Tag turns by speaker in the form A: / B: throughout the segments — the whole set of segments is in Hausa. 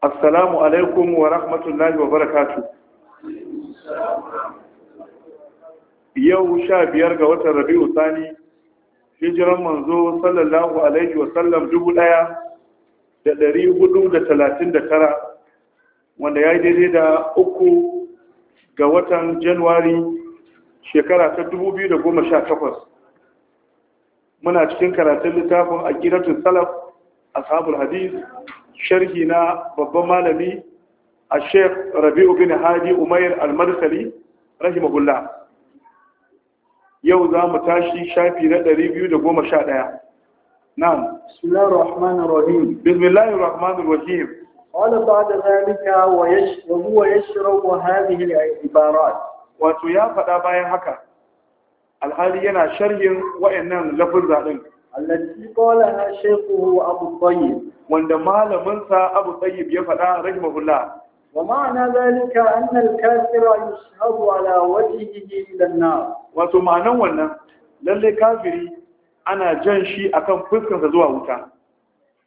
A: assalamu alaikum wa rahmatullahi wa barakatu yau sha biyar ga watan rabi'u sani hijiran manzo sallallahu alaihi wa sallam dubu daya da dari hudu da talatin da tara wanda ya yi daidai da uku ga watan januwari shekara ta dubu biyu da goma sha takwas muna cikin karatun littafin akiratun salaf ashabul hadith sharhi na babban malami a sheikh rabi'u bin hadi umair al-marsali rahimahullah yau za mu tashi shafi na 211 na'am bismillahir rahmanir rahim bismillahir rahmanir rahim
B: qala ba'da zalika wa yash wa huwa
A: yashrahu hadhihi al-ibarat wato ya faɗa bayan haka alhali yana sharhin wa'yannan lafuzza din allati qalaha shaykhuhu abu tayyib wanda malamin sa abu tayyib ya faɗa rahimahullah wa
B: ma'ana zalika anna al-kafira yushabu ala wajhihi ila an-nar
A: wato ma'anan wannan lalle kafiri ana jan shi akan fuskarsa zuwa wuta wa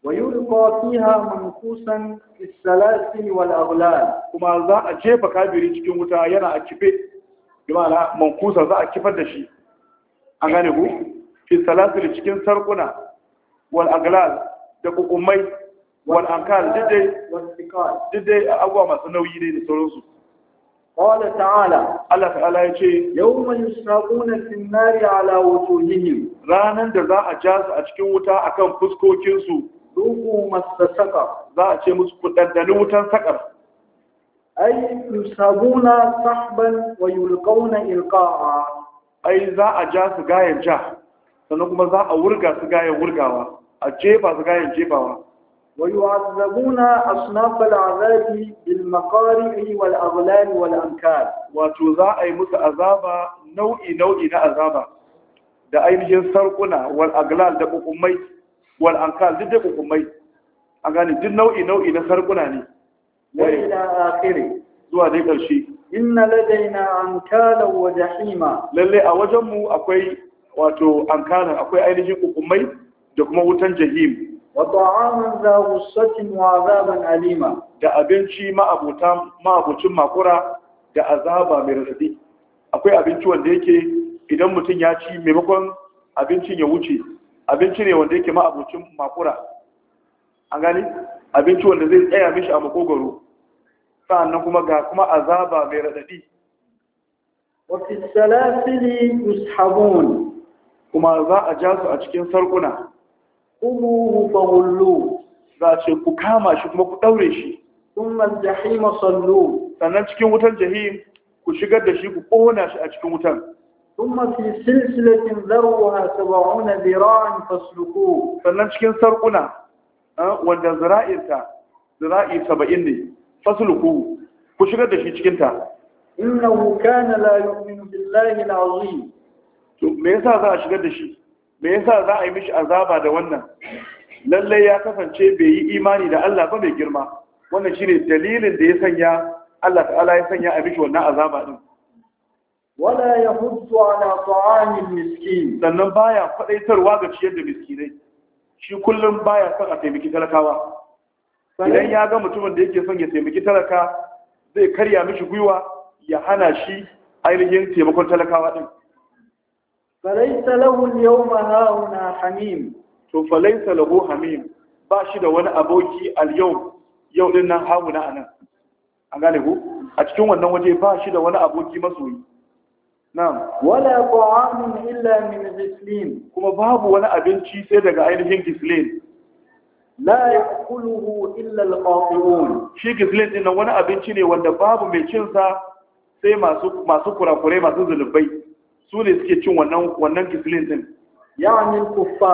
A: ويلقى فيها منكوسا في السلاسل والاغلال kuma za a jefa kabiri cikin wuta yana a kife bimana mankusa za a kifar da shi an gane ku fi salasil cikin sarkuna wal aglas da kukumai
B: wal ankal
A: didai abuwa masu nauyi ne da sauransu Allah قال تعالى الله تعالى يجي يوم يسرقون في النار على وجوههم Ranan da za a ja su a cikin wuta akan fuskokin su duku masasaka za a ce musu kudaddani wutan sakar ay yusabuna sahban wa yulqawna ilqa'a ay za a ja su gayan ja sannan kuma za a wurga su gayan wurgawa a jefa su gayan jefawa
B: ويعذبون
A: Wato za a yi musu azaba nau'i-nau'i na azaba da ainihin sarkuna wal aghlal da kukumai wal ankal duk da kukumai a gani duk nau'i nau'i na sarkuna ne wa ila akhiri zuwa dai karshe inna ladaina ankala wa jahima lalle a wajen mu akwai wato ankaran akwai ainihin kukumai da kuma wutan jahim wato amin za ghussatin wa azaban alima da abinci ma'abucin makura da azaba mai radadi akwai abinci wanda yake idan mutum ya ci maimakon abincin ya wuce abinci ne wanda yake ma'abucin makura an gani abinci wanda zai tsaya mishi a makogaro sa'annan kuma ga kuma azaba mai radadi
B: wakil salafili salasili
A: kuma za a ja su a cikin sarkuna
B: kumuhu
A: fahullu za a ce ku kama shi kuma ku ɗaure shi sunan jahima sallu sannan cikin wutan jahim ku shigar da shi ku kona shi a cikin wutan ثم في
B: سلسلة
A: ذروها سبعون ذراعا فاسلكوه sannan cikin sarkuna eh, wanda zira'inta zira'i 70 ne fasluku ku shigar da shi cikinta. ta innahu kana la yu'minu billahi al-azim to me yasa za a shigar da shi me yasa za a yi mishi azaba da wannan lalle ya kasance bai yi imani da Allah ba mai girma wannan shine dalilin da ya sanya Allah ta'ala ya sanya a mishi wannan azaba din wala yahuddu ala ta'amil miskin sannan baya fadaitarwa ga ciyar da miskinai shi kullum baya son a taimaki talakawa idan ya ga mutumin da yake son ya taimaki talaka zai karya mishi gwiwa ya hana shi ainihin taimakon talakawa din فليس
B: له اليوم yawma hauna hamim
A: to له حميم hamim ba shi da wani aboki al-yawm yau din nan ku a cikin wannan waje ba shi da wani aboki masoyi na'am wala ta'amun illa min ghislin kuma babu wani abinci sai daga ainihin ghislin la ya'kuluhu illa al-qati'un shi ghislin din wani abinci ne wanda babu mai cin sa sai masu masu kurakurai masu zulubai su ne suke cin wannan wannan gislin din yawanin kuffa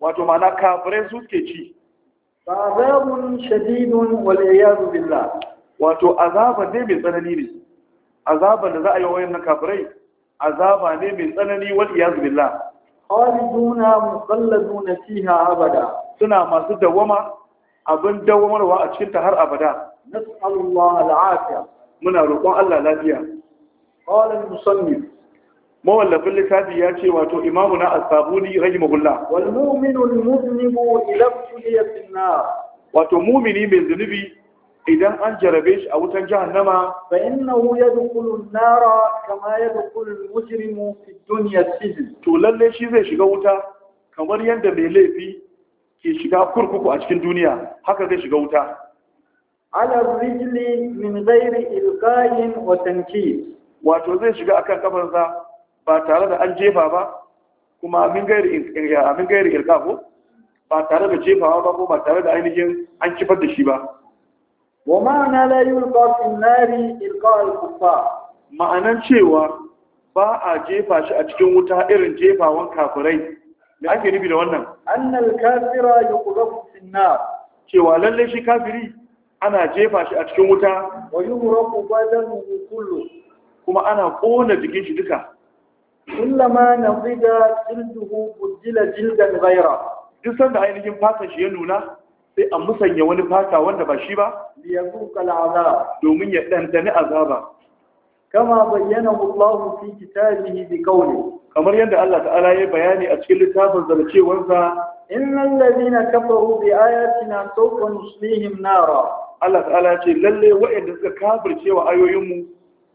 A: wato ma'ana kafirai su suke ci azabun shadidun wal iyadu billah wato azaba ne mai tsanani ne azaba da za a yi wa wayannan kafirai azaba ne mai tsanani wal iyadu billah khaliduna mukhalladuna fiha abada suna masu dawama abin dawamarwa a cikin har abada nas'alullah al'afiya muna roƙon Allah lafiya qala al-musannif mawallafin littafi ya ce wato imamu na asabuni rage magulla
B: walmuminun finna
A: wato mumini mai zunubi idan an jarabe shi a wutan jahannama
B: fa innahu yadkhulu an-nara kama yadkhulu al-mujrimu fi duniya cikin.
A: to lalle shi zai shiga wuta kamar yadda mai laifi ke shiga kurkuku a cikin duniya haka zai shiga wuta
B: ala rijli min zairi ilkayin
A: wa wato zai shiga akan kafarsa ba tare da an jefa ba kuma amin gairi irka ba tare da jefawa ba ko ba tare da ainihin an kifar da shi ba wa
B: ma'ana layu yulqa fi nari ilkawar kufa
A: ma'anan cewa ba a jefa shi a cikin wuta irin jefawan kafirai me ake nufi da wannan
B: annal kafira yuqdafu fi na.
A: cewa lallai shi kafiri ana jefa shi a cikin wuta wa yi badanuhu kullu kuma ana ƙona jikin shi duka
B: kullama
A: nadida jilduhu bujila jildan ghayra duk sanda ainihin fatan shi ya nuna sai a musanya wani fata wanda ba shi ba liyazuqa al'azab domin ya dandane azaba kama bayyana Allah fi kitabihi bi qawli kamar yadda Allah ta'ala ya bayani a cikin littafin zalcewarsa
B: innal ladina kafaru bi ayatina
A: sawfa nuslihim nara Allah ta'ala ya ce lalle wa'anda suka kafirce wa ayoyinmu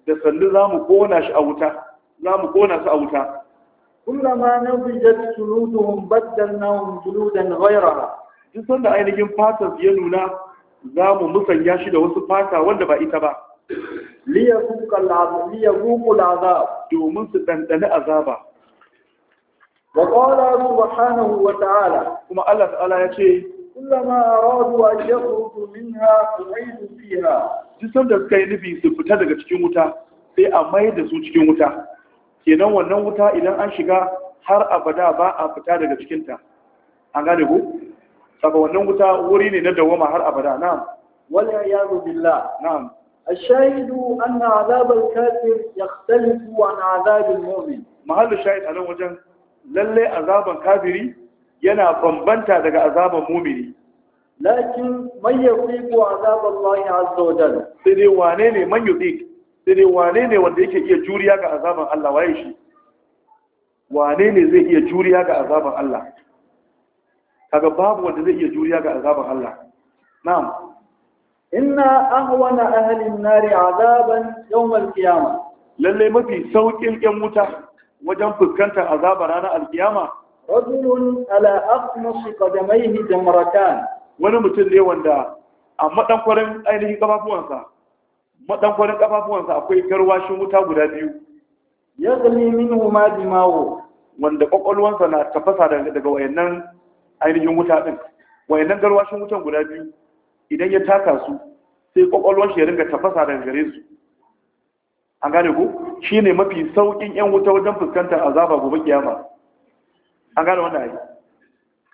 A: da sallu zamu kona shi a wuta za mu kona su a wuta ma kullama nabijat juluduhum baddalnahum suludan ghayraha duk sanda ainihin fatar ya nuna za mu musanya shi da wasu fata wanda ba ita ba liyazuqu al'azab domin su dandana azaba
B: wa qala subhanahu wa ta'ala kuma Allah ta'ala ya ce kullama aradu an yakhruju minha u'idu fiha duk sanda suka
A: yi nufi su fita daga cikin wuta sai a mai da su cikin wuta kenan wannan wuta idan an shiga har abada ba a fita daga cikinta an gane ku saboda wannan wuta wuri ne na dawama har abada
B: wala ya billah na'am ashhadu
A: anna azab al-kafir yakhtalifu an azab al-mu'min mahallu shahid anan wajen lallai azaban kafiri yana bambanta daga azaban mu'mini lakin man yuqiqu azab allahi azza wa jalla sai dai wane ne man yuqiqu sai dai wane ne wanda yake iya juriya ga azaban Allah waye shi wane ne zai iya juriya ga azaban Allah kaga babu wanda zai iya juriya ga azaban Allah na'am inna ahwana ahli an-nar azaban yawm al-qiyamah lalle mafi saukin yan wuta wajen fuskantar azaba ranar al-qiyama rajulun ala aqmas qadamayhi jamratan wani mutum ne wanda a madankwarin ainihin kafafuwansa maɗankwarin kafafuwansa akwai garwashin wuta guda biyu ya zane minhu ma jimawo wanda kwakwalwansa na tafasa daga wayannan ainihin wuta ɗin wayannan garwashin wutan guda biyu idan ya taka su sai ƙwaƙwalwansa ya ringa tafasa daga gare su an gane ku shi ne mafi sauƙin 'yan wuta wajen fuskantar azaba gobe kiyama an gane wannan ayi,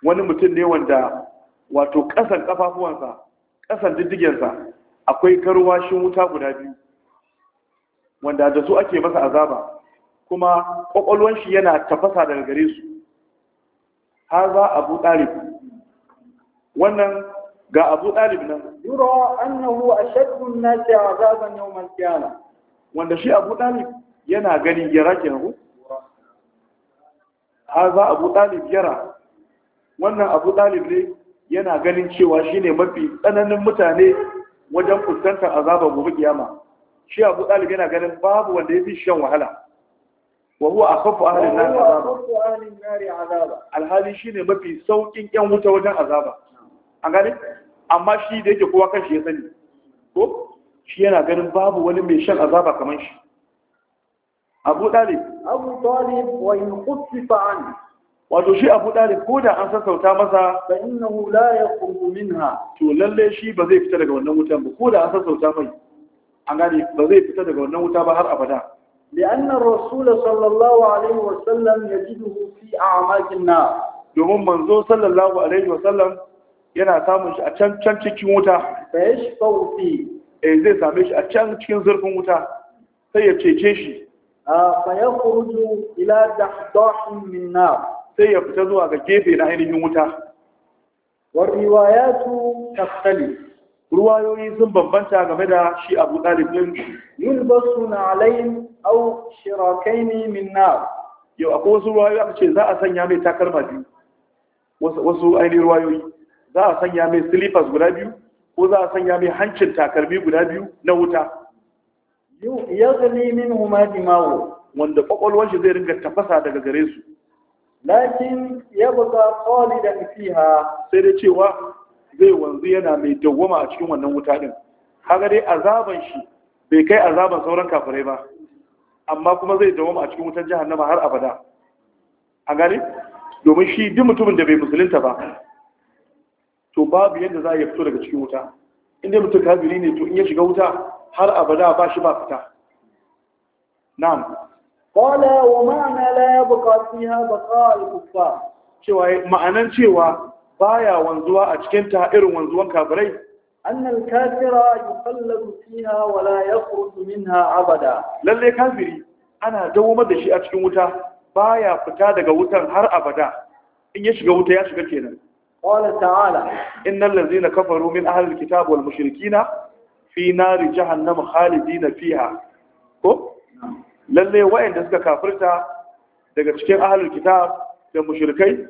A: wani mutum ne wanda wato ƙasan kafafuwansa, ƙasan diddigensa akwai karuwashin wuta guda biyu wanda da su ake masa azaba kuma kwakwalwan shi yana tafasa daga gare su har za abu ɗalib wannan ga abu ɗalib nan
B: yura annahu ashaddu an-nasi azaban yawm al-qiyamah
A: wanda shi abu ɗalib yana gani yara kenan haza abu ɗalib yara wannan abu ɗalib ne yana ganin cewa shine mafi tsananin mutane wajen fuskantar azaba gobe kiyama shi abu dalib yana ganin babu wanda yafi shan wahala wa huwa akhafu ahli an-nar azaba alhali shine mafi saukin yan wuta wajen azaba an gane amma shi da yake kowa kanshi ya sani ko shi yana ganin babu wani mai shan azaba kamar shi abu dalib
B: abu dalib wa in khusifa
A: an wato shi abu ɗalib ko da an sassauta masa fa innahu la yaqumu minha to lalle shi ba zai fita daga wannan wutan ba ko da an sassauta mai an gane ba zai fita daga wannan wuta ba har abada
B: لأن الرسول صلى الله عليه وسلم يجده
A: في أعماق na? domin manzo sallallahu alaihi wa sallam yana samun shi a can can cikin wuta fa yashfau fi eh zai same shi a can cikin zurfin wuta sai ya cece shi ah, fa yakhruju ila dahdahin min nar sai ya fita zuwa ga gefe na ainihin wuta wa riwayatu tafsali ruwayoyi sun bambanta game da shi abu dalib din
B: yulbasu na au shirakai shirakaini min nar
A: yau a wasu ruwayoyi aka ce za a sanya mai takalma biyu wasu ainihin ruwayoyi za a sanya mai silifas guda biyu ko za a sanya mai hancin takalmi guda biyu na wuta yau ya zane min huma dimawo wanda kwakwalwar shi zai ringa tafasa daga gare su
B: lakin
A: yabqa qalidan fiha sai da cewa zai wanzu yana mai dawwama a cikin wannan wuta din kaga dai azaban shi bai kai azaban sauran kafirai ba amma kuma zai dawwama a cikin wutar jahannama har abada A gani? domin shi duk mutumin da bai musulunta ba to babu yadda za a yi fito daga cikin wuta inda mutum kafiri ne to in ya shiga wuta har abada ba shi ba fita na'am
B: قال ومعنى لا يبقى فيها بقاء الكفار
A: cewa ma'anan cewa baya wanzuwa a cikin ta irin wanzuwan kafirai
B: annal kafira yuqalladu fiha wa la yakhruju minha
A: abada lalle kafiri ana dawomar da shi a cikin wuta baya fita daga wutan har abada in ya shiga wuta ya shiga kenan qala ta'ala innal ladzina kafaru min ahli alkitab wal mushrikina fi nari jahannam khalidina fiha ko lalle wayanda suka kafirta daga cikin ahlul kitab da mushrikai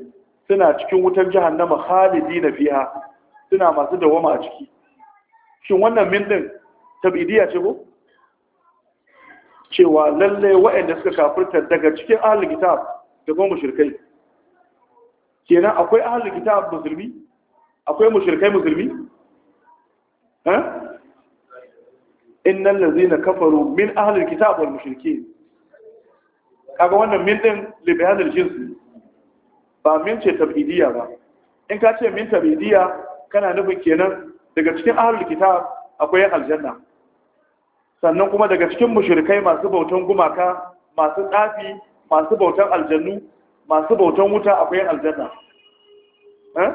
A: suna cikin wutar jahannama khalidina fiha suna masu dawama a ciki shin wannan min din tabidiya ce ko cewa lalle wayanda suka kafirta daga cikin ahlul kitab da kuma mushrikai kenan akwai ahlul kitab musulmi akwai mushrikai musulmi eh innal ladzina kafaru min ahli alkitab wal mushrikeen kaga wannan min din li bayanil jins ba min ce tabidiyya ba in ka ce min tabidiyya kana nufin kenan daga cikin ahlul kitab akwai aljanna sannan kuma daga cikin mushrikai masu bautan gumaka masu tsafi masu bautan aljannu masu bautan wuta akwai aljanna eh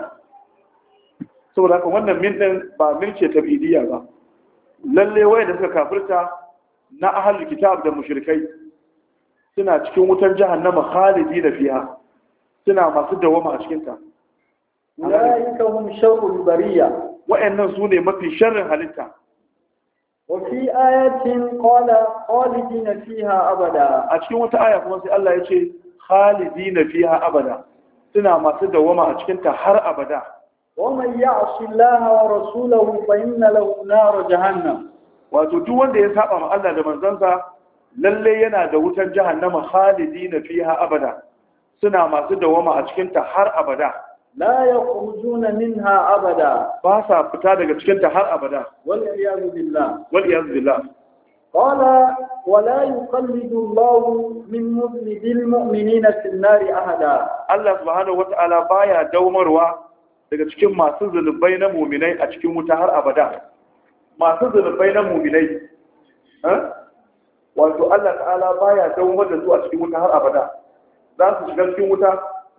A: saboda haka wannan min din ba min ce tabidiyya ba lalle waye da suka kafirta na ahlul kitab da mushrikai suna cikin wutan jahannama khalidina fiha suna masu dawama a cikin ta
B: ulaika hum
A: sharrul bariya wa'annan su mafi sharrin halitta
B: وفي آية قال
A: خالدين فيها أبدا أتكين وتا آية كما سي الله يجي abada. Suna masu سنا ما تدوما أتكين har abada.
B: ومن يعص
A: الله ورسوله فإن له نار جهنم wato duk wanda ya saba ma Allah da manzansa lalle yana da wutar jahannama khalidina fiha abada suna masu dawama a cikin ta har abada
B: la yakhrujuna minha abada
A: ba sa fita daga cikin ta har abada
B: wal iyad billah wal iyad billah qala wala yuqallidu Allah min mudnil mu'minina fi an-nar
A: ahada Allah subhanahu wa ta'ala baya daga cikin masu zunubai na muminai a cikin wuta har abada masu zunubai na muminai eh? wato Allah ta'ala ya dawamar da su a cikin wuta har abada za su shiga cikin wuta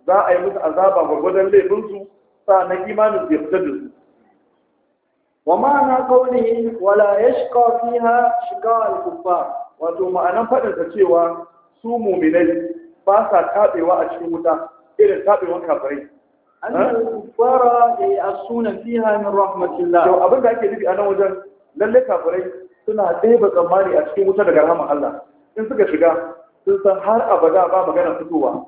A: za a yi musu azaba gwagwadon laifinsu na imanin su ya fitar da su wa ma'ana qawlihi wala yashqa fiha shiqa al-kuffar wato ma'anan faɗin ta cewa su muminai ba sa taɓewa a cikin wuta irin tabewan kafirai fara da ya asuna fiha min rahmatillah to abin da ake nufi a nan wajen lalle kafirai suna ɗeba tsammani a cikin wuta daga rahama Allah in suka shiga sun san har abada ba magana fitowa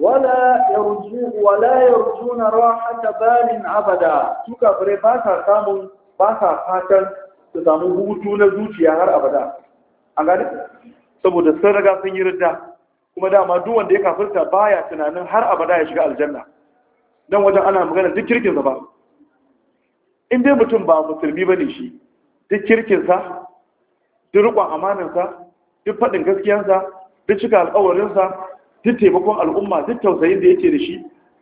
A: wala yarju wala yarjuna rahata balin abada su kafirai ba sa samun ba fatan su samu hutu na zuciya har abada an gane saboda sun riga sun yi ridda kuma dama duk wanda ya kafirta baya tunanin har abada ya shiga aljanna nan wajen ana magana duk kirkinsa ba in dai mutum ba musulmi ba ne shi duk kirkinsa duk riƙon amaninsa duk faɗin gaskiyansa duk cika alƙawarinsa duk taimakon al'umma duk tausayin da yake da shi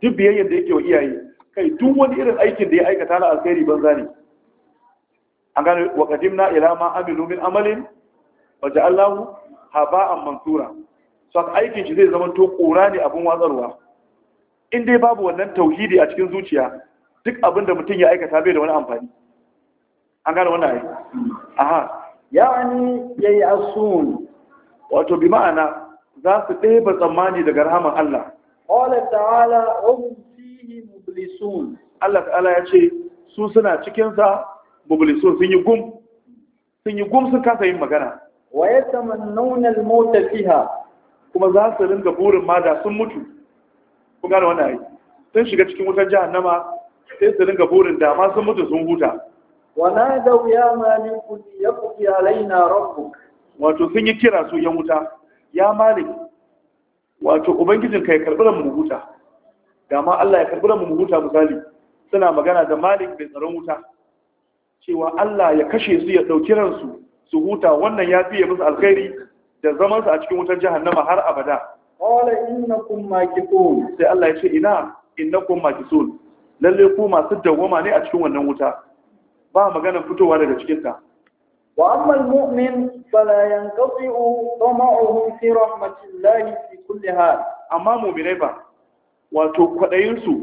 A: duk biyayyar da yake wa iyaye kai duk wani irin aikin da ya aikata na alkhairi banza ne an gane wa qadimna ila ma amilu min amalin wa ja'alnahu haba'an mansura so aikin shi zai zama to kura ne abun watsarwa in dai babu wannan tauhidi a cikin zuciya duk abin da mutum ya aikata bai da wani amfani an gane wannan ai aha yani yayi asun wato bi ma'ana za su ɗeba tsammani daga rahaman Allah
B: qala ta'ala hum fihi
A: mublisun Allah ta'ala ya ce su suna cikin sa mublisun sun yi gum sun yi gum sun kasa yin magana wa yatamannuna al-mauta fiha kuma za su ringa burin ma da sun mutu ku gane wannan ayi sun shiga cikin wutar jahannama sai su dinga burin da ma sun mutu sun huta wana da ya malik ya alaina rabbuk wato sun yi kira su yan wuta ya malik wato ubangijin kai karɓi mu huta da ma Allah ya karɓi mu huta misali suna magana da malik bai tsaron wuta cewa Allah ya kashe su ya dauki ransu su huta wannan ya fiye musu alkhairi da zamansu a cikin wutar jahannama har abada kun maki makithun sai Allah ya ce ina maki makithun lalle ku masu dawwama ne a cikin wannan wuta ba maganar fitowa daga cikin ta wa
B: amma almu'min fala yanqati'u tama'uhu fi
A: rahmatillahi fi kulli hal amma mu'minai ba wato kwaɗayinsu,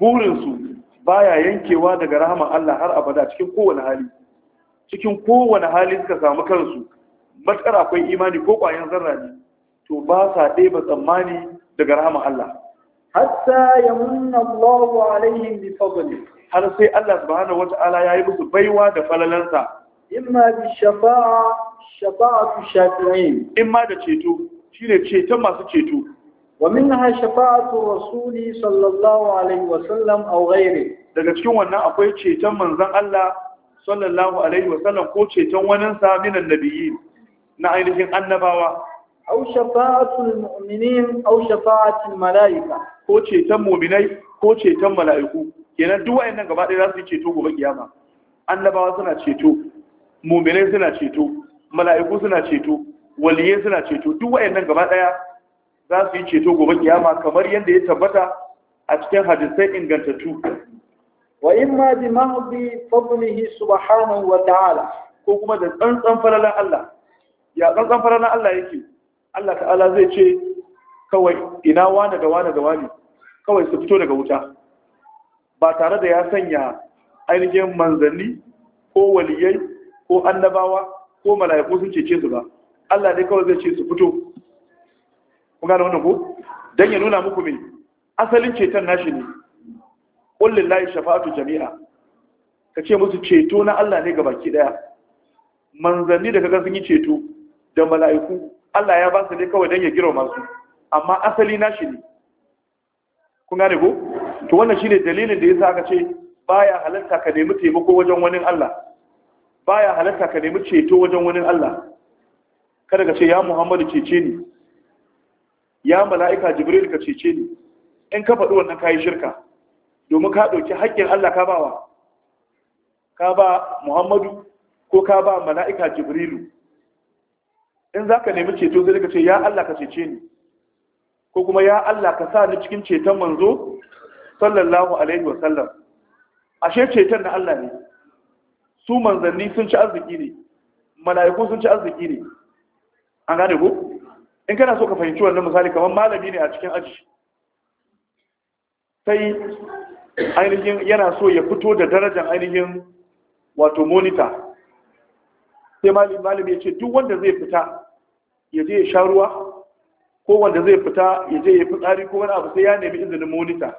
A: burinsu, baya yankewa daga rahman Allah har abada cikin kowane hali cikin kowane hali suka samu kansu matsar akwai imani ko ƙwayan zarra ne to ba sa ɗeba tsammani daga rahama Allah
B: hatta munna Allahu alaihim bi fadli
A: har sai Allah subhanahu wata'ala yayi musu baiwa da falalansa
B: imma bi shafa'a shafa'atu shafi'in
A: imma da ceto shine ceton masu ceto wa minha shafa'atu rasuli sallallahu alaihi wa sallam aw ghairi daga cikin wannan akwai ceton manzon Allah sallallahu alaihi wa sallam ko ceton waninsa minan nabiyyin na ainihin annabawa
B: au shafa'atul mu'minin au shafa'atul
A: mala'ika ko ceton mu'minai ko ceton mala'iku kenan duk wayannan gaba ɗaya za su yi ceto gobe kiyama annabawa suna ceto mu'minai suna ceto mala'iku suna ceto waliyai suna ceto duk wayannan gaba ɗaya za su yi ceto gobe kiyama kamar yadda ya tabbata a cikin hadisai ingantattu
B: wa ma bi
A: mahdi fadlihi subhanahu wa ta'ala ko kuma da tsantsan falalan Allah ya tsantsan falalan Allah yake Allah ta'ala zai ce kawai ina wane da wane da wane kawai su fito daga wuta ba tare da ya sanya ainihin manzanni ko waliyai ko annabawa ko mala'iku sun cece su ba Allah dai kawai zai ce su fito kun gane wannan ko dan ya nuna muku me asalin ceton nashi ne qul lillahi shafa'atu jami'a kace musu ceto na Allah ne gabaki daya manzanni da kaga sun yi ceto da mala'iku Allah ya ba su ne kawai don ya girma su amma asali nashi ne kun gane ko to wannan shi ne dalilin da sa aka ce baya halatta ka nemi taimako wajen wani Allah baya halatta ka nemi ceto wajen wani Allah kada ka ce ya Muhammadu cece ni ya mala'ika Jibril ka cece ni in ka faɗi wannan kayi shirka domin ka ɗauki haƙƙin Allah ka bawa ka ba Muhammadu ko ka ba mala'ika Jibrilu in za ka nemi ceto zai ka ce ya Allah ka cece ni ko kuma ya Allah ka sa ni cikin ceton manzo sallallahu alaihi wa sallam ashe ceton na Allah ne su manzanni sun ci arziki ne mala'iku sun ci arziki ne an gane ku in kana so ka fahimci wannan misali kamar malami ne a cikin aji sai ainihin yana so ya fito da darajar ainihin wato monitor sai malam-malam ya ce duk wanda zai fita ya je ya sha ruwa ko wanda zai fita ya je ya fitsari ko wani abu sai ya nemi izinin monita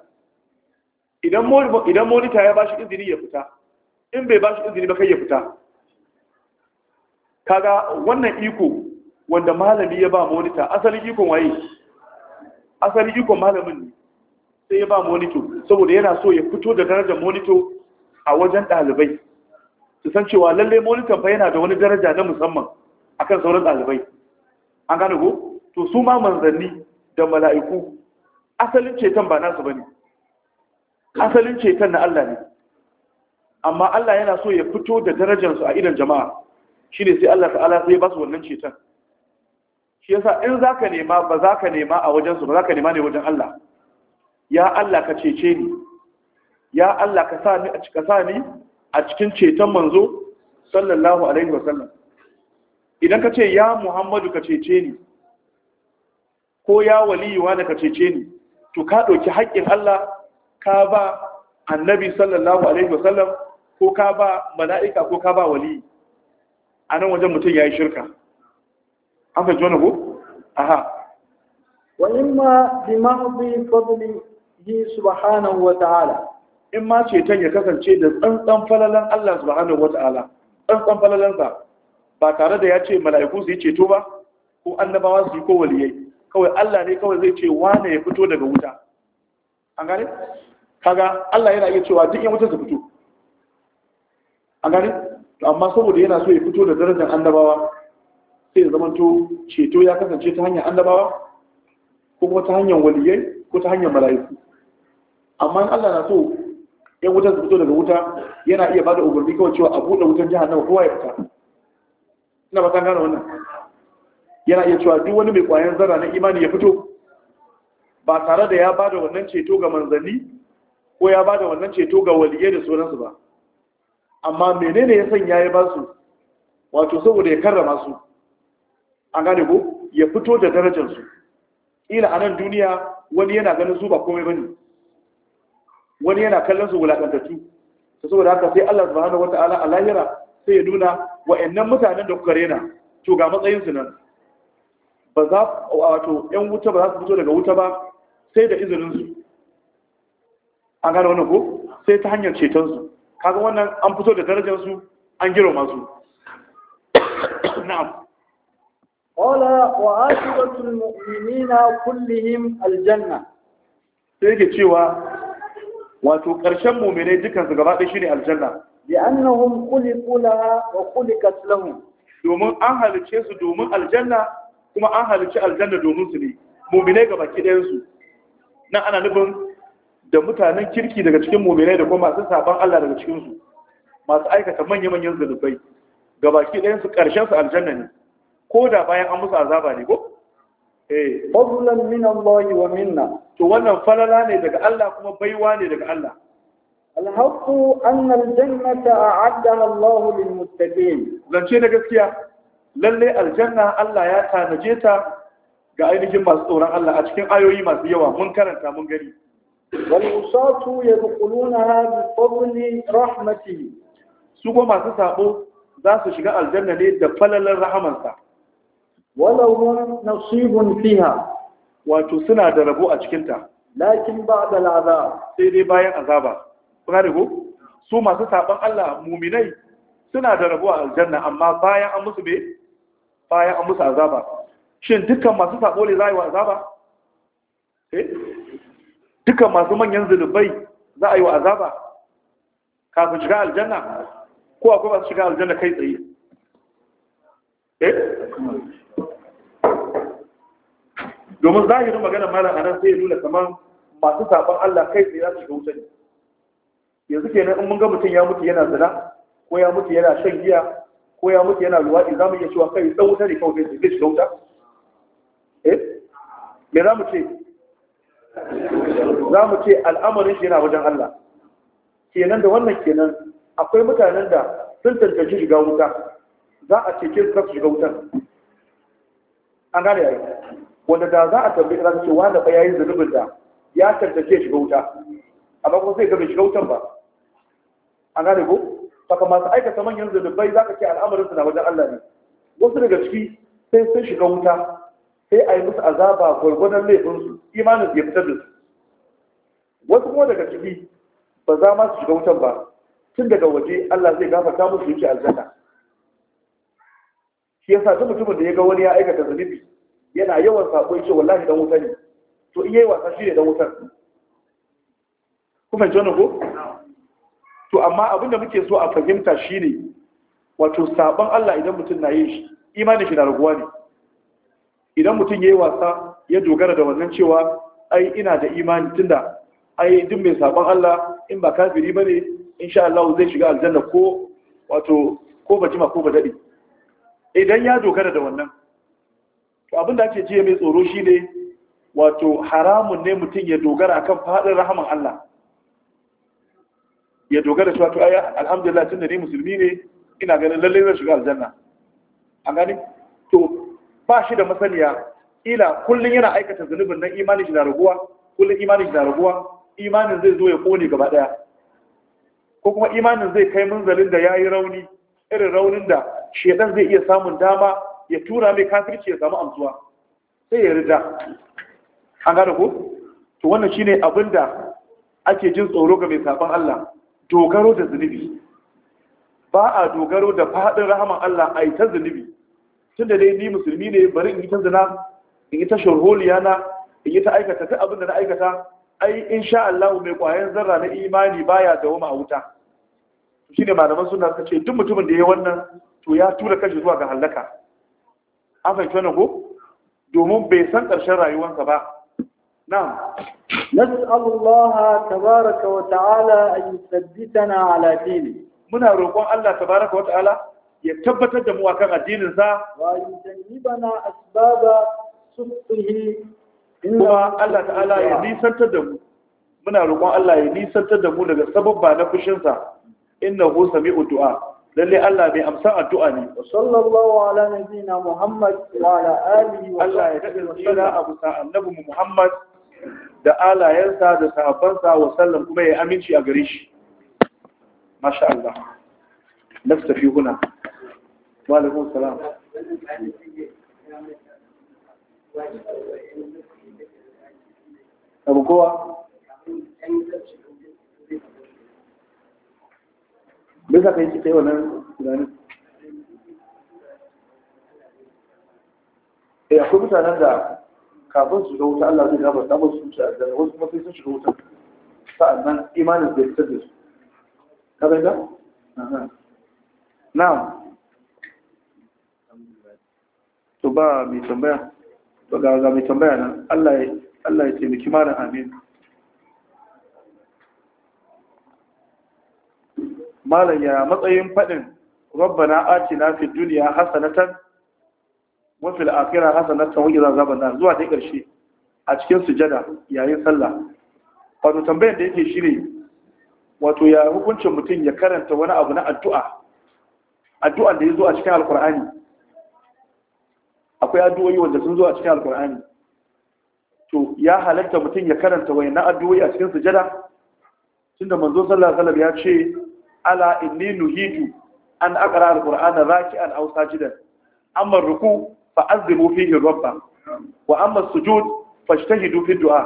A: idan monita ya bashi izini ya fita in bai bashi izini ba kai ya fita kaga wannan iko wanda malami ya ba monita asalin ikon waye asalin ikon malamin ne sai ya ba monito saboda yana so ya fito da darajar monito a wajen ɗalibai su san cewa lalle molitan fa yana da wani daraja na musamman akan sauran ɗalibai an gane ko to su ma manzanni da mala'iku asalin ceton ba nasu bane asalin ceton na Allah ne amma Allah yana so ya fito da su a idan jama'a shine sai Allah ta'ala sai ya ba su wannan ceton shi yasa in zaka nema ba zaka nema a wajen su ba zaka nema ne wajen Allah ya Allah ka cece ni ya Allah ka sa ni ka sa ni a cikin ceton manzo sallallahu alaihi wasallam idan ka ce ya muhammadu ka cece ni ko ya waliyuwa da ka cece ni to ka ɗauki haƙƙin Allah ka ba annabi sallallahu alaihi wasallam ko ka ba mala'ika ko ka ba wali a nan wajen mutum ya yi shirka an fahimci wani ko? aha
B: wa ma bi ma'azi
A: fadli yi subhanahu wa ta'ala in ma ce ta ya kasance da tsantsan falalan Allah subhanahu wata'ala tsantsan falalansa ba tare da ya ce mala'iku su yi ceto ba ko annabawa su yi ko waliyai kawai Allah ne kawai zai ce wane ya fito daga wuta an gane kaga Allah yana iya cewa duk yan wuta su fito an gane to amma saboda yana so ya fito da darajar annabawa sai ya zama to ceto ya kasance ta hanyar annabawa ko kuma ta hanyar waliyai ko ta hanyar mala'iku amma Allah na so yan wutar su fito daga wuta yana iya bada umarni kawai cewa a buɗe wutar nan kowa ya fita ina ba gane wannan yana iya cewa duk wani mai ƙwayan zara na imani ya fito ba tare da ya bada wannan ceto ga manzanni ko ya bada wannan ceto ga waliyai da sauransu ba amma menene ya sanya ya ba su wato saboda ya karrama su an gane ko ya fito da darajar su ila anan duniya wani yana ganin su ba komai bane wani yana kallon su wulaƙantattu ta saboda haka sai Allah subhanahu wataala a lahira sai ya nuna wa'annan mutanen da kuka rena to ga matsayin su nan ba za wato yan wuta ba za su fito daga wuta ba sai da izinin su an gane wannan ko sai ta hanyar ceton su kaga wannan an fito da darajar su an girma su na'am
B: Ola wa asibatul mu'minina kullihim aljanna
A: sai yake cewa wato ƙarshen muminai dukansu gaba ɗaya shine aljanna
B: annahum khuliqu laha wa khuliqat lahum
A: domin an halice su domin aljanna kuma an halice aljanna domin su ne muminai gaba ki ɗayan su nan ana nufin da mutanen kirki daga cikin muminai da kuma masu saban Allah daga cikin su masu aikata manya-manyan zulubai gaba ki ɗayan su ƙarshen su aljanna ne ko da bayan an musu azaba ne ko Eh.
B: fadlan min Allah wa minna
A: to wannan falala ne daga Allah kuma baiwa ne daga Allah
B: الحق أن الجنة أعدها الله للمتقين
A: zance na gaskiya lalle aljanna Allah ya tanaje ta ga ainihin masu tsoron Allah a cikin ayoyi masu yawa mun karanta mun gani wal usatu yadkhulunaha bi fadli rahmatihi su ko masu sabo za su shiga aljanna ne da falalar rahamansa walahum nasibun fiha wato suna da rabo a cikin ta lakin ba'da al'azab sai dai bayan azaba kuna da ko su masu saban Allah mu'minai suna da rabo a aljanna amma bayan an musu be bayan an musu azaba shin dukkan masu sabo ne za yi wa azaba eh dukkan masu manyan zulubai za a yi wa azaba kafin shiga aljanna ko akwai masu shiga aljanna kai tsaye eh domin zahirin magana a nan sai ya nuna kamar masu sabon Allah kai sai za su shiga wuta ne yanzu nan in mun ga mutum ya mutu yana zina ko ya mutu yana shan giya ko ya mutu yana luwaɗi za mu iya cewa kai dan wutar ne kawai zai shiga wuta eh me za mu ce za mu ce al'amarin shi yana wajen Allah kenan da wannan kenan akwai mutanen da sun tantance shiga wuta za a kin su shiga wutan an gane yayi wanda da za a tambayi za su ce wani ba yayin zunubin da ya tantace shiga wuta amma kuma zai ga shiga wutan ba an gane ko saka masu aikata manyan zunubai za ka ce al'amarin suna wajen Allah ne wasu daga ciki sai sun shiga wuta sai a yi musu azaba gwargwadon laifinsu imanin ya fitar da su wasu kuma daga ciki ba za ma su shiga wutan ba tun daga waje Allah zai gafarta musu yake aljanna shi yasa duk mutumin da ya ga wani ya aikata zunubi yana yawan sako ce wallahi dan wuta ne to in yi wasa shi ne dan wutar kuma fahimci ko to amma abin da muke so a fahimta shine wato sabon Allah idan mutum na yin shi imanin shi na raguwa ne idan mutum yayi wasa ya dogara da wannan cewa ai ina da imani tunda ai duk mai sabon Allah in ba kafiri bane insha Allah zai shiga aljanna ko wato ko bajima ko badadi idan ya dogara da wannan abin da ake jiya mai tsoro shi ne wato haramun ne mutum ya dogara kan fadin rahaman Allah ya dogara shi wato aya alhamdulillah tun da ni musulmi ne ina ganin lallai zai shiga aljanna an gani to ba shi da masaniya ila kullum yana aikata zunubin nan imanin shi na raguwa kullum imanin shi na raguwa imanin zai zo ya kone gaba daya ko kuma imanin zai kai munzalin da yayi rauni irin raunin da shedan zai iya samun dama ya tura mai kafirci ya samu amsuwa sai ya rida an gada ko to wannan shine abin da ake jin tsoro ga mai saban Allah dogaro da zunubi ba a dogaro da fadin rahaman Allah a yi ta zunubi tunda dai ni musulmi ne bari in yi ta zina in yi ta shirholiya na in yi ta aikata ta abin da na aikata ai insha Allah mai kwayan zarra na imani baya da a wuta shine malaman suna suka ce duk mutumin da ya wannan to ya tura kashi zuwa ga halaka an fahimci wannan ko domin bai san ƙarshen rayuwarsa ba Na
B: nas'al Allah tabaraka wa ta'ala an yuthabbitana ala dini
A: muna roƙon Allah tabaraka wa ta'ala ya tabbatar da mu akan addinin sa
B: wa yujannibana asbaba subtihi
A: kuma Allah ta'ala ya nisantar da mu muna roƙon Allah ya nisantar da mu daga sababba na fushinsa innahu sami'u du'a lalle Allah mai amsa addu'a ne
B: sallallahu ala nabiyina muhammad
A: wa ala alihi wa Allah ya dade wasala abu sa annabi muhammad da alayensa da sahabbansa wa sallam kuma ya aminci a gare shi masha Allah naftafi huna wa alaikum salam abu kowa me yasa kai kai wannan tunanin eh akwai mutanen da kafin su shiga wuta Allah zai gafarta musu su shiga aljanna wasu kuma sai sun shiga wuta sa'annan imanin zai fitar da su ka ga Na. to ba mai tambaya to ga mai tambaya nan Allah ya taimaki malam amin malam ya matsayin faɗin rabbana atina fid dunya hasanatan wa fil akhirah hasanatan wa qina azaban nar zuwa dai karshe a cikin sujada yayin sallah wato tambayar da yake shine wato ya hukuncin mutum ya karanta wani abu na addu'a addu'a da ya zo a cikin alqur'ani akwai addu'o'i wanda sun zo a cikin alqur'ani to ya halatta mutum ya karanta wayannan addu'o'i a cikin sujada tunda manzo sallallahu alaihi wasallam ya ce ala inni nuhitu an aqra alqur'ana raki'an aw sajidan amma ruku fa azimu fihi rabba wa amma sujud fajtahidu fi du'a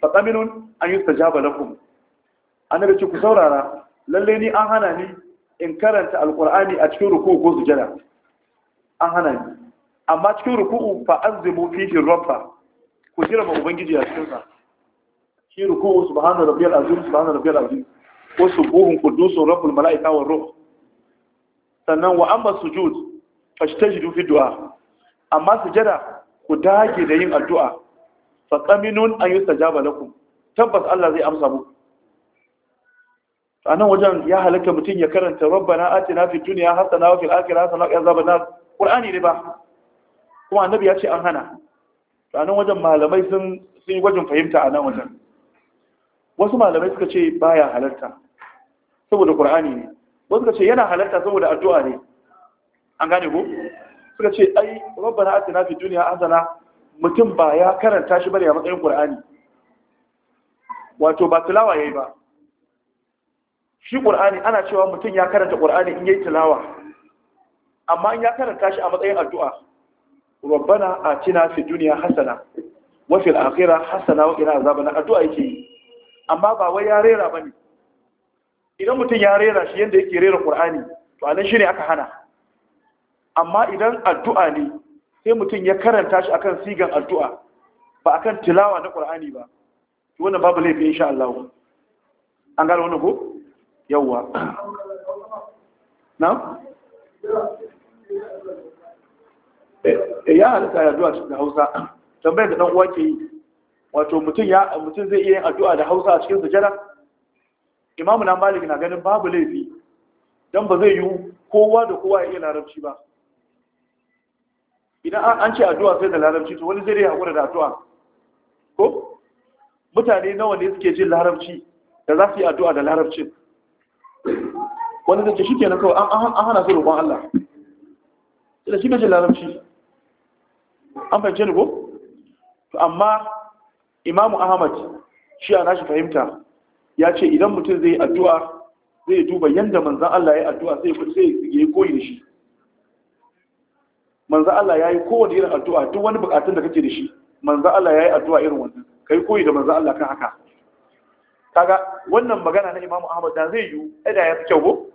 A: fa taminun an yustajaba lakum annabi ce ku saurara lalle ni an hana ni in karanta alqur'ani a cikin ruku ko sujada an hana ni amma cikin ruku fa azimu fihi rabba ku jira ma ubangiji a cikin sa shi ruku subhanallahi rabbil azim subhanallahi rabbil azim ko shubuhun kudusu rabbul malaika wa ruh sannan wa amma sujud fashtajidu fi du'a amma sujada ku dage da yin addu'a fa qaminun an yustajaba lakum tabbas Allah zai amsa mu anan wajen ya halaka mutum ya karanta rabbana atina fid dunya hasana wa fil akhirati hasana wa azaban nar qur'ani ne ba kuma annabi ya ce an hana anan wajen malamai sun sun yi gwajin fahimta anan wajen wasu malamai suka ce baya halarta saboda qur'ani ne wasu suka ce yana halarta saboda addu'a ne an gane ko suka ce ai rabbana atina fi dunya hasana mutum ba ya karanta shi bane a matsayin qur'ani wato ba tilawa yayi ba shi qur'ani ana cewa mutum ya karanta qur'ani in yayi tilawa amma in ya karanta shi a matsayin addu'a rabbana atina fi dunya hasana wa fil akhirati hasana wa qina azaban addu'a yake yi amma ba wai ya rera ba ne idan mutum ya rera shi yadda yake rera ƙur'ani to anan shi ne aka hana amma idan addu'a ne sai mutum ya karanta shi akan sigan addu'a ba akan tilawa na ƙur'ani ba to wannan babu laifi insha Allah an gano wannan ko yawwa na eh, eh, ya halitta ya zuwa cikin Hausa tambayar da ɗan uwa ke yi wato mutum ya mutum zai iya yin addu'a da Hausa a cikin sujada imamu na Malik na ganin babu laifi dan ba zai yi kowa da kowa ya iya larabci ba idan an ce addu'a sai da larabci to wani zai yi hakuri da addu'a ko mutane nawa ne suke jin larabci da za su yi addu'a da larabcin wani zai ce shi kenan kawai an hana su roƙon Allah da shi ne jin larabci an fahimce ni ko amma imamu ahmad shi a nashi fahimta ya ce idan mutum zai addu'a zai duba yadda manzan Allah ya addu'a sai ya koyi da shi manzan Allah ya yi kowane irin addu'a duk wani bukatun da kake da shi manzan Allah ya yi addu'a irin wannan kai koyi da manzan Allah kan haka kaga wannan magana na imamu ahmad da zai yi ɗaya ya fi kyau ko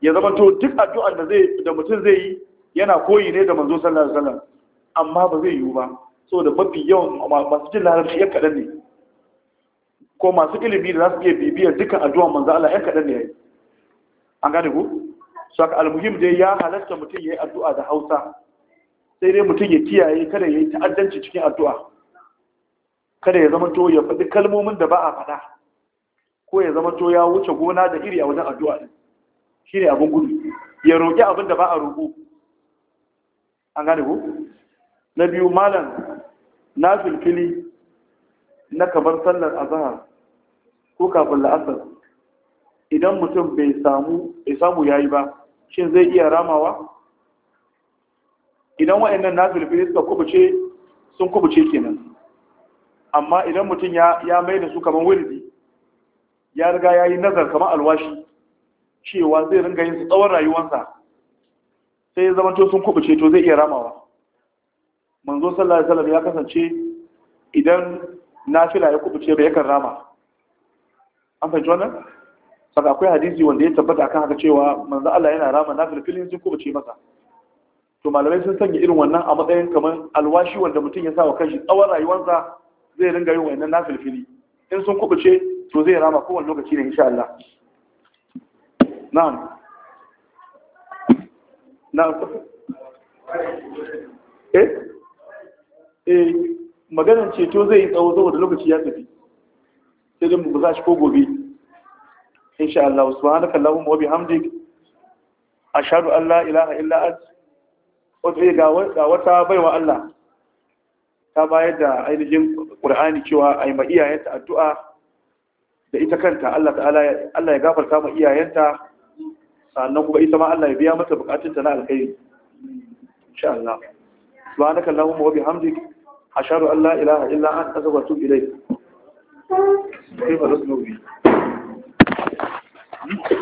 A: ya zama to duk addu'ar da mutum zai yi yana koyi ne da manzo sallallahu alaihi wasallam amma ba zai yi ba da mafi yawan masu jin larabci yan kaɗan ne ko masu ilimi da za su iya bibiyar dukkan addu'a manzo Allah yan kaɗan ne yayi an gane ku so ka almuhim dai ya halatta mutum yayi addu'a da Hausa sai dai mutum ya kiyaye kada yayi ta'addanci cikin addu'a kada ya zama to ya faɗi kalmomin da ba a faɗa ko ya zama to ya wuce gona da iri a wajen addu'a din shine abin gudu ya roƙi abin da ba a roƙo an gane ku na biyu malam na filfili na kamar sallar azahar ko kafin la'asar idan mutum bai samu ya samu yayi ba shin zai iya ramawa idan wa'annan na filfili suka kubuce sun kubuce kenan amma idan mutum ya mai da su kamar wurdi ya riga ya yi nazar kamar alwashi cewa zai ringa yin su tsawon rayuwansa sai ya zama to sun kubuce to zai iya ramawa manzo sallallahu alaihi wasallam ya kasance idan nafila ya kubuce bai yakan rama an fahimci wannan saka akwai hadisi wanda ya tabbata akan haka cewa manzo Allah yana rama nafila filin sun kubuce masa to malamai sun sanya irin wannan a matsayin kamar alwashi wanda mutum ya sa wa kanshi tsawon rayuwarsa zai ringa yin wannan nafila fili in sun kubuce to zai rama kowane lokaci ne insha Allah na'am na'am eh eh maganar ceto zai yi tsawo saboda lokaci ya tafi sai dai mu za shi ko gobe insha Allah subhanaka allahumma wa bihamdik ashhadu an la ilaha illa ant wato eh, ga wata baiwa Allah ta bayar da ainihin Qur'ani cewa ai ma iyayenta addu'a da ita kanta Allah ta'ala Allah ya gafarta ma iyayenta sannan kuma ita ma Allah ya biya mata bukatunta na alkhairi insha Allah subhanaka allahumma wa bihamdik A an Allah ilaha illa an azabatu ilai sai fa rasu